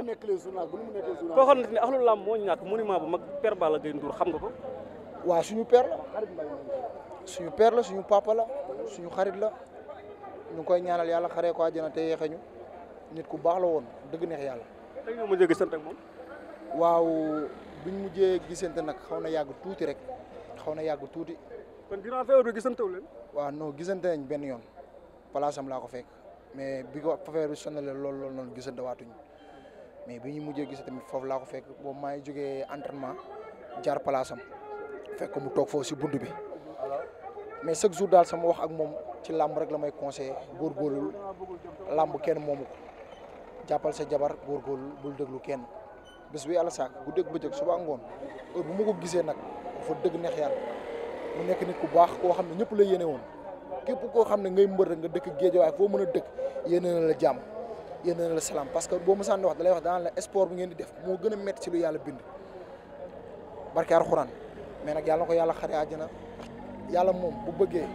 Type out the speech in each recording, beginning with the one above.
bu nekkee journal bu mu nekkee journal. koo xamante ne axlu lamb moo ñu ñàkk monument bu mag père Balla Gaye Ndour xam nga ko. waaw suñu père la suñu père la suñu papa la suñu xarit la ñu koy ñaanal yàlla xaree ko àjjana te ñu nit ku baax la woon dëgg neex yàlla. tey ñoo mujjee gisante ak moom. waaw biñ mujjee gisante nag xaw na yàgg tuuti rek xaw na yàgg tuuti. kon durant feebar bi gisante wu leen. waaw gisante nañ benn yoon place am laa ko fekk mais bi ko feebar bi sonalee lool lool noonu gisante waatuñu. mais bi ñu mujjee gisee tamit foofu laa ko fekk boobu maa ngi jógee entraînement jaar palaasam fekk mu toog foofu si budd bi mais chaque jour daal sama wax ak moom ci làmb rek la may conseillé góorgóorlu làmb kenn moomu ko jàppal sa jabar góorgóorlu bul déglu kenn bis bi yàlla saak bu dégg bëccëg suba ngoon bu ma ko gisee nag dafa dëgg neex yàlla mu nekk nit ku baax koo xam ne ñëpp la yéene woon képp koo xam ne ngay mbër rek nga dëkk géej waaye foo mën a dëkk yéene na la jàmm. yéen na la salaam parce que boo mosaan di wax da wax daan la sport bu ngeen di def moo gën a métti ci lu yàlla bind barke alxuraan mais nag yàlla na ko yàlla xare àjjana yàlla moom bu bëggee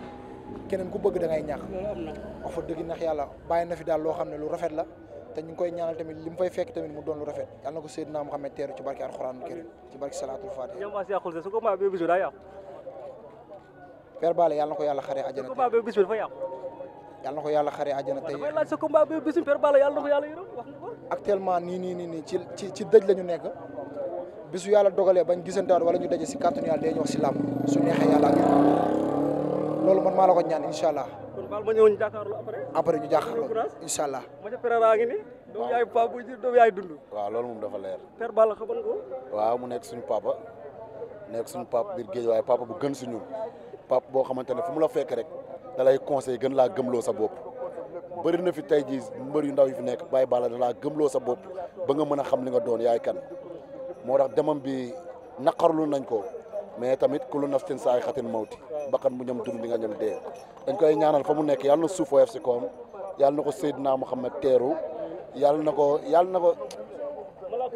keneen ku bëgg da ngay ñàkk wax dëgg ndax yàlla bàyyi na fi daal loo xam ne lu rafet la te ñu ngi koy ñaanal tamit li mu fay fekk tamit mu doon lu rafet yàlla na ko Seydina Muhammad teeru ci barke alxuraan karim ci barke salaatul fatiha Père Bale yàlla na ko yàlla yàlla na ko yàlla xaree àjjana tey. damay laaj sa combat yàlla na ko yàlla yërëm wax nga actuellement nii nii nii nii ci ci ci dëj la ñu nekk bisu yàlla dogalee bañ gisantaat wala ñu daje si kàttanu yàlla dañuy wax si làmb su neexee yàlla loolu man maa la ko ñaan incha allah. kon ma ñëw ñu jàkkaarloo après. après ñu jàkkaarloo incha allah. ma ca Père ngi ni. doomu yaay paa bu doomu dund. waaw loolu moom dafa leer. Père Balla xamal ko. waaw mu nekk suñu papa nekk suñu papa biir géej waaye papa bu gën suñu papa boo xamante ne fu mu la fekk rek. dalay lay conseil gën laa gëmloo sa bopp bëri na fi tey jii mbër yu ndaw yu fi nekk Baye Balla da laa gëmloo sa bopp ba nga mën a xam li nga doon yaay kan moo tax demam bi naqarlu nañ ko mais tamit kullu nafsin saay xatin mawti bakkan bu ñam dund di nga ñam dee dañ koy ñaanal fa mu nekk yàlla na suuf si koom yàlla na ko Seydina Muhammad teeru yàlla na ko yàlla na ko waaw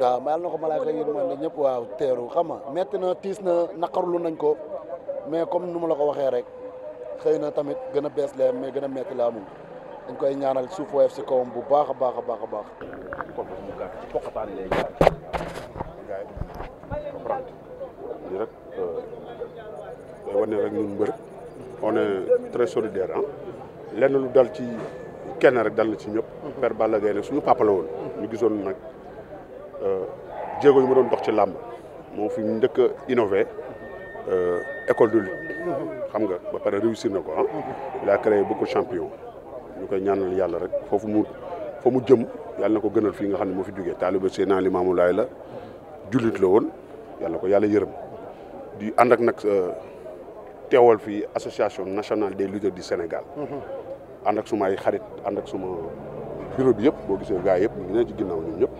yàlla na ko malaaka yërmande ñëpp waaw teeru xam nga metti na tiis na naqarlu nañ ko mais comme nu ma la ko waxee rek xëy na tamit gën a bees la mais gën a mekk laa amul dañ koy ñaanal suuf woyof si kawam bu baax a baax a baax a baax. lii rek euh, day wane rek ñun mbër on est très solidaire ah lenn lu dal ci kenn rek dal na ci ñëpp. Mhm. Père Balla Gaye nag suñu papa la woon. gisoon nag euh, jéego yu ma ci làmb moo fi a innové. Mhm. Euh, école de lutte xam nga ba pare réussir na ko ah il a créé beaucoup de ñu koy ñaanal yàlla rek foofu mu mu jëm yàlla na ko gënal fii nga xam ne moo fi jógee taaliba Seydina Limaamu Laay la jullit la woon yàlla ko yàlla yërëm di ànd nag euh, teewal fii association national des lutteurs du Sénégal ànd ak suma ay xarit ànd ak suma bureau bi yëpp boo gisee gars yëpp ñu ngi ne ginnaaw ñëpp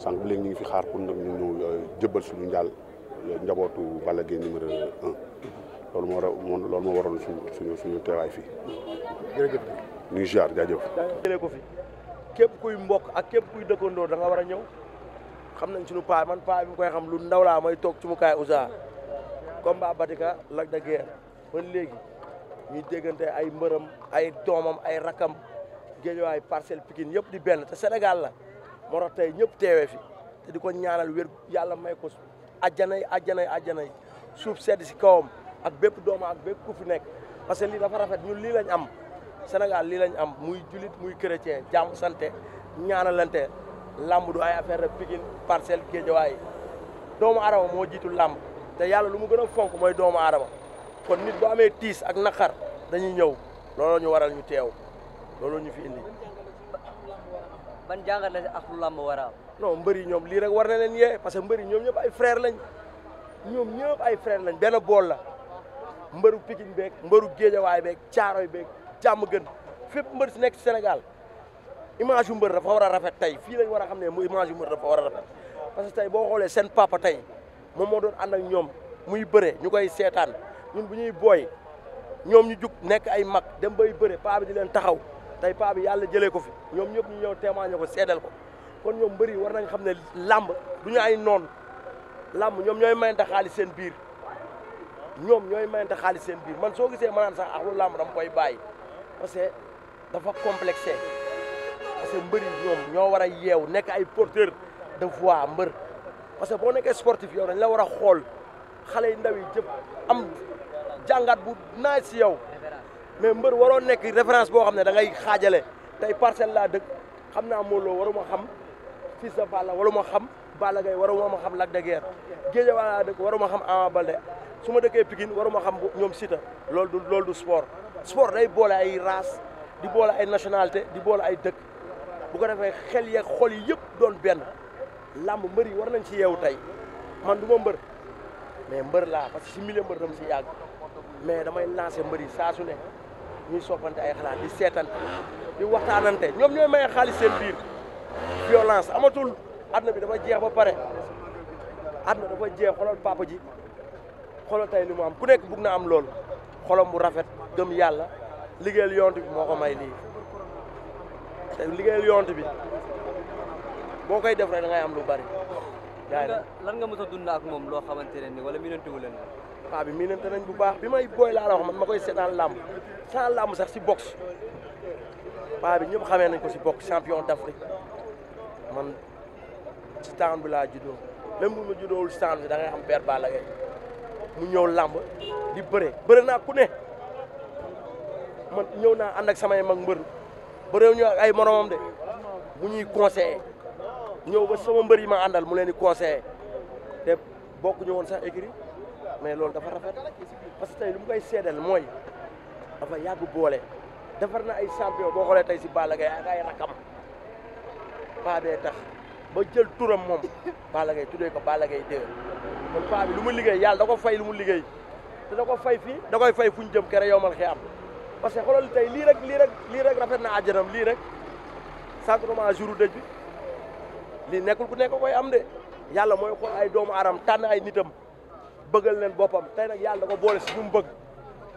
sànq bi léegi ñu ngi fi xaar pour nag ñu jëbal euh, jëbbal suñu njaal njabootu Balla Gaye numéro un loolu moo waroon loolu moo waroon suñu suñu suñu teewaay fii. jërëjëf ñu ngi ziar jaajëf. jëlee ko fi képp kuy mbokk ak képp kuy dëkkandoo da nga war a ñëw xam nañ suñu paa man paa bi mu koy xam lu ndaw laa may toog ci mu kaay usa combat Batika Lac de Guiers ba léegi ñuy déggante ay mbërëm ay doomam ay rakam géejawaay parcelle Pikine yëpp di benn te Sénégal la moo tax tey ñëpp teewee fi te di ko ñaanal wér yàlla may ko ajjanay ajjanay ajjanay suuf sedd si kawam ak bépp dooma ak bépp ku fi nekk parce que lii dafa rafet ñun lii lañ am Sénégal lii lañ am muy julit muy chrétien jàmm santé ñaanalante làmb du ay affaire rek Pikine Parcelles Guédiawaye doomu aadama moo jiitu làmb te yàlla lu mu gën a fonk mooy doomu aadama kon nit bu amee tiis ak naqar dañuy ñëw looloo ñu waral ñu teew looloo ñu fi indi ban jàngat la si ak lu làmb war a mbër yi ñoom lii war na leen yee parce que mbër yi ñoom ñëpp ay frère lañ ñoom ñëpp ay frère lañ benn bool la mbëru Pikine beeg mbëru Géejawaay beeg Caaroy beeg jàmm gën fépp mbër si nekk Sénégal image yu mbër dafa war a rafet tey fii lañ war a xam ne mu image yu mbër dafa war a parce que tey boo xoolee seen papa tey moom moo doon ànd ak ñoom muy bëre ñu koy seetaan ñun bu ñuy booy ñoom ñu jug nekk ay mag dem bay bëre paa bi di leen taxaw tey paa bi yàlla jëlee ko fi ñoom ñëpp ñu ñëw témoigné ko seedal ko kon ñoom mbëri war nañ xam ne làmb du ñu ay noon làmb ñoom ñooy mayante xaalis seen biir ñoom ñooy mayante xaalis seen biir man soo gisee ma naan sax axlu ah làmb dama koy bàyyi parce que dafa complexé parce que mbëri ñoom ñoo war a yeew nekk ay porteur de voix mbër parce que boo nekkee sportif yow dañ la war a xool xale yu ndaw yi jëpp am jàngat bu naaj si yow mais mbër waroo nekk référence boo xam ne da ngay xaajale tey parcelle laa dëkk xam naa Modou Lo waruma xam Fils de Balla waruma xam gay war Gaye waruma xam Lac de Guiers Guédiawaye laa dëkk waruma xam Ama Baldé su ma dëkkee Pikine ma xam ñoom Siteu loolu du loolu du sport sport day boole ay race di boole ay nationalité di boole ay dëkk bu ko defee xel yeeg xol yi yëpp doon benn làmb mbër yi war nañ ci yeewu tey man du ma mbër mais mbër laa parce que si milieu mbër dama si yàgg mais damay lancer mbër yi ne ñuy soppante ay xalaat di seetan di waxtaanante ñoom ñooy maye xaalis seen biir violence amatul na bi dafa jeex ba pare àdduna dafa jeex xoolal papa ji xoolal tey li mu am ku nekk bug na am lool xolam mu rafet gëm yàlla liggéeyal yont bi moo ko may lii te liggéeyal yont bi boo koy def rek da ngay am lu bari. lan nga mos a moom loo xamante ne ni wala mi nantiwu leen paa bi miinante nañ bu baax bi may booy laa la wax man ma koy seetaan làmb sans làmb sax si boxe paa bi ñëpp xamee nañ ko si boxe champion d'Afrique man ci taan bi laa juddoo même bu ma juddoowul si taan bi da ngay am père baala Gaye mu ñëw làmb di bëre bëre naa ku ne man ñëw naa ànd ak samay mag mbër bëreew ñu ak ay moromam de bu ñuy conseillé ñëw ba sama mbër yi ma àndal mu leen di conseillé te bokk ñu woon sax écrit mais loolu dafa rafet parce que tey lu mu koy seedeel mooy dafa yàgg boole defar na ay champion boo xoolee tey si Balla Gaye ak ay rakam paa bee tax ba jël turam moom Balla Gaye tuddee ko Balla Gaye kon paa bi lu mu liggéey yàlla da fay lu mu liggéey te da ko fay fii da koy fay fu ñu jëm kere yow mal xëy am parce que xoolal tey lii rek lii rek lii rek rafet na àjjanam lii rek sacrement jour dëj bi lii nekkul ku nekk koy am de yàlla mooy xool ay doomu aadama tànn ay nitam. bëggal leen boppam tey nag yàlla da ko si ñu mu bëgg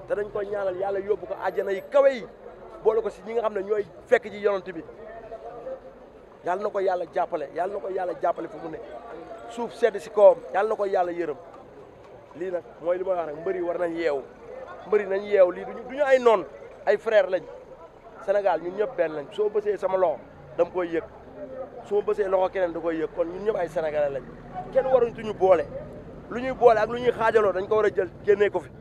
te dañ koy ñaanal yàlla yóbbu ko àjjana yi kawe boole ko si ñi nga xam ne ñooy fekk ji yonent bi yàlla na ko yàlla jàppale yàlla na ko yàlla jàppale fu mu ne suuf sedd si kawam yàlla na ko yàlla yërëm lii nag mooy li ma wax rek war nañ yeewu mbari nañ yeewu lii duñu duñu ay noon ay frère lañ senegal ñun ñëpp benn lañ soo bësee sama loxo dam koy yëg su ma bësee loxo keneen da ko yëg kon ñun ñëpp ay sénégalais lañ kenn waruñu tuñu boole lu ñuy boole ak lu ñuy xaajaloo dañ ko war a jël génnee ko fi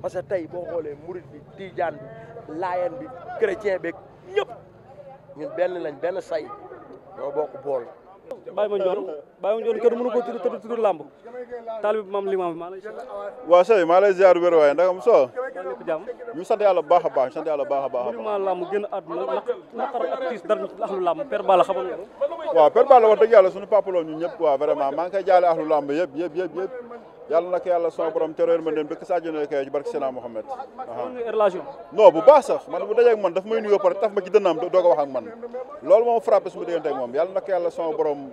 parce que tey boo xoolee murit bi tijaan bi laayeen bi chrétien beeg ñëpp ñun benn lañ benn say ñoo bokk bool Baye Mandione Baye Mandione kenn mënu ko tudd tudd tudd làmb taalibe maam limaam maa lay waaw sëy maa lay ziar wér waaye ndax am so lépp jàmm ñu sant yàlla baax a baax sant yàlla baax a baax monument làmb génn àdduna naqar ak tiis dara ahlu làmb Père Balla xamal nga waaw Père Balla wax dëgg yàlla suñu papa la ñu ñëpp waaw vraiment maa ngi koy jaale ahlu làmb yëpp yëpp yëpp yëpp yàlla nag yàlla sama borom teroor ma dem dëkk sa àjjana kay ci barke Seydina Mohamed non bu man bu dajeeg man daf may nuyoo pare taf ma ci dënnaam doog a wax ak man loolu moom frappé su ma diggante ak moom yàlla nag yàlla sama borom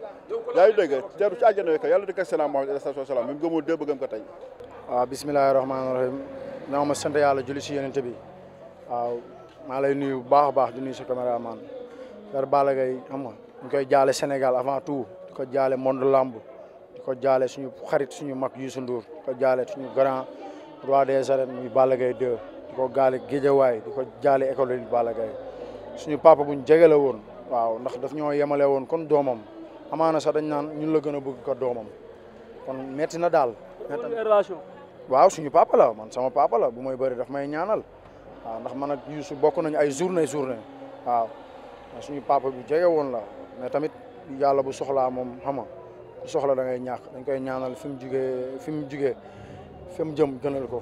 yaa ngi dégg teeru ci àjjana kay yàlla Mohamed alayhi salaam mi mu gëmoo dee bëggam ko tey waaw bismillahi rahmaani rahim ñoo ma sant yàlla julli si yonente bi waaw maa lay nuyu bu baax a baax di nuyu sa caméraman Père Balla Gaye xam nga koy jaale Sénégal avant tout di ko jaale monde lamb di ko jaale suñu xarit suñu mag Youssou Ndour di ko jaale suñu grand roi des arènes muy Balla Gaye 2 ko gaale Guédiawaye di ko jaale école yi Balla suñu papa bu jege la woon waaw ndax daf ñoo yemale woon kon doomam amaana sax dañ naan ñun la gën a bëgg ko doomam kon metti na daal waaw suñu papa la man sama papa la bu may bari daf may ñaanal waaw ndax man ak Youssou bokk nañu ay journée journée waaw suñu papa bu jege woon la mais tamit yàlla bu soxlaa moom xama soxla da ngay ñaax dañ koy ñaanal fi mu jugee fi mu jugee jëm gënal ko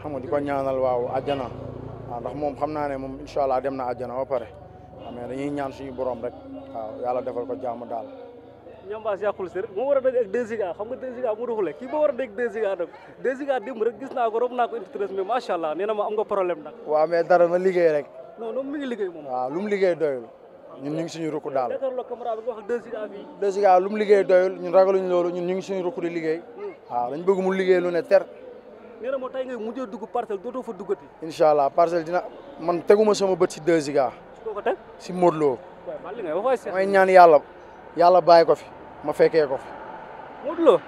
xam nga di ko ñaanal waaw àjjana waaw ndax moom xam naa ne moom incha allah dem na ajana ba pare waaw mais dañuy ñaan suñu borom rek waaw yàlla defal ko jaamu daal. ñoom baas yàqul sër moo war a daj a 2 Giga xam nga 2 Giga mu doxule kii moo war a daj rek gis naa ko rob naa ko intéresse mais macha allah nee ma am nga problème nag. waaw mais dara na liggéey rek. non non lu mu liggéey doyul. ñun ñu ngi suñu rukk daal. 2SYGA lu mu liggéey doyul ñun ragaluñ loolu ñun ñu ngi suñu rukk di liggéey waaw dañ bëgg mu liggéey lu ne ter. nee na moo tey nga mujjee dugg parcelle dootoo fa duggati. incha allah parcelle dina man teguma soom bët si 2SYGA. si Modou Lo. ñaan yàlla yàlla bàyyi ko fi ma fekkee ko fi. olof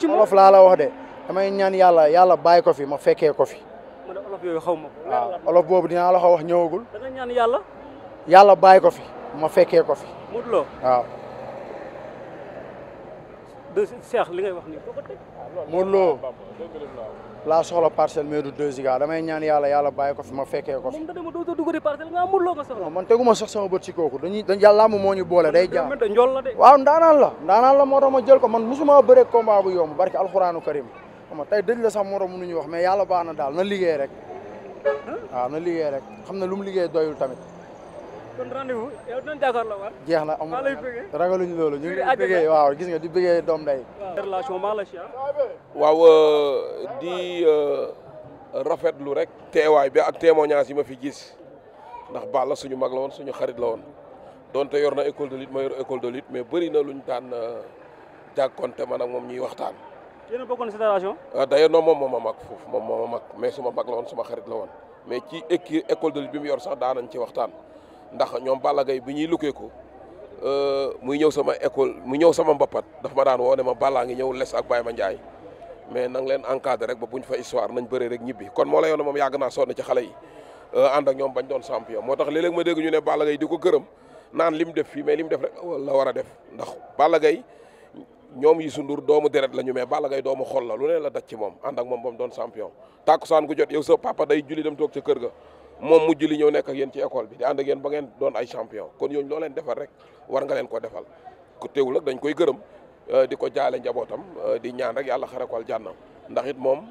olof laa la wax de damay ñaan yàlla yàlla bàyyi ko fi ma fekkee ko fi. olof yooyu xaw ma ko. waaw dinaa la ko wax ñëwagul. da nga ñaan ko fi. ma fekkee ko fi. Modou Lo waaw. li ngay wax nii ah, Modou Lo laa soxla parcelle mais du deux Giga damay ñaan yàlla yàlla bàyyi ko fi ma fekkee ko fi. moom dama man teguma sax sama bët si kooku dañuy dañ yàlla moo ñu boole day jaar. njool la de. waaw ndaanaan la ndaanaan la moo tax ma jël ko man musuma bëre combat bu yomb barki alxuraanu karim xam tey dëj la sax moroom ñuy wax mais yàlla baax na daal na liggéey rek. waaw na liggéey rek xam ne lum liggéey doyul tamit kon rendez-vous yow jeex na amul ragaluñu loolu ñu ngi bëggee waaw gis nga di bëggee doom day. relation maa la ah. waaw euh, di euh, lu rek teewaay bi ak témoignage yi ma fi gis ndax Balla suñu mag la woon suñu xarit la woon donte yor na école de lutte ma yor école de lutte mais bëri na luñ daan euh, jàkkoonte man ak moom ñuy waxtaan. yéen a bokkoon fédération. d'ailleurs non moom moo ma mag foofu moom moo ma mag mais suma mag la woon suma xarit la woon mais ci école de lutte bi mu yor sax daan nañ ci waxtaan. ndax ñoom Balla Gaye bi ñuy lukkee ko euh, muy ñëw sama école mu ñëw sama mbapat daf ma daan woo ne ma Balla ngi ñëw les ak Baye ma Ndiaye mais nang leen encadré rek ba buñ fa histoire nañ bëree rek ñibbi kon moo la yoon moom yàgg naa sonn ci xale yi euh, ànd ak ñoom bañ doon champion moo tax léeg-léeg ma dégg ñu ne Balla Gaye di ko gërëm naan lim def fii mais lim def rek oh, la war a def ndax Balla Gaye ñoom Youssou Ndour doomu deret la ñu mais Balla Gaye doomu xol la lu ne la daj ci moom ànd doon champion tàkkusaan gu jot yow sa papa day julli ca kër ga moom mujj li ñëw nekk ak yéen ci école bi di ànd ak yéen ba ngeen doon ay champion kon yooyu loo leen defal rek war nga leen ko defal ku teewul nag dañ koy gërëm euh, di ko jaale njabootam euh, di ñaan rek yàlla xarakol jànnam ndax it moom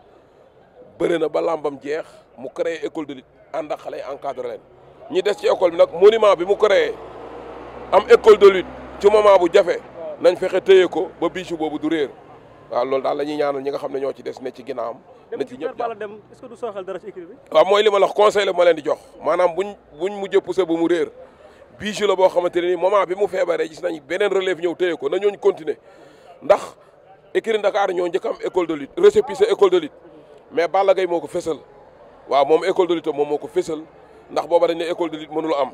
bëri na ba làmbam jeex mu créé école de lutte ànd ak xale yi encadré leen ñi des ci école bi nag monument bi mu créé am école de lutte ci moment bu jafe nañ fexe téye ko ba biisu boobu du réer waaw loolu daal la ñuy ñaanal ñi nga xam ne ñoo ci des ne ci ginnaawam dem ci ñëpp wala dem est-ce que du sooxal dara ci équipe bi mooy li ma la wax conseil leen di jox maanaam buñ buñ mujjee poussé ba mu réer bijou la boo xamante ne ni moment bi mu feebaree gis nañ beneen relève ñëw téye ko na ñooñ continuer ndax écurie Dakar ñoo njëkk am école de lutte récépissé école de lutte mais Balla Gaye moo ko fésal waaw moom école de lutte moom moo ko fésal ndax booba dañ ne école de lutte mënul am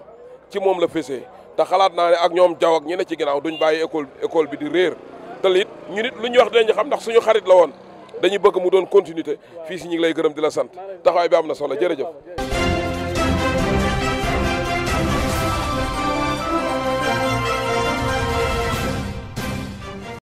ci moom la fésee te xalaat naa ne ak ñoom jaw ak ñi ne ci ginaaw duñ bàyyi école école bi di réer te it ñu nit lu ñu wax dinañ xam ndax suñu xarit la woon dañuy bëgg mu doon continuité fii si ñu ngi lay gërëm di la sant taxawaay bi am na solo jërëjëf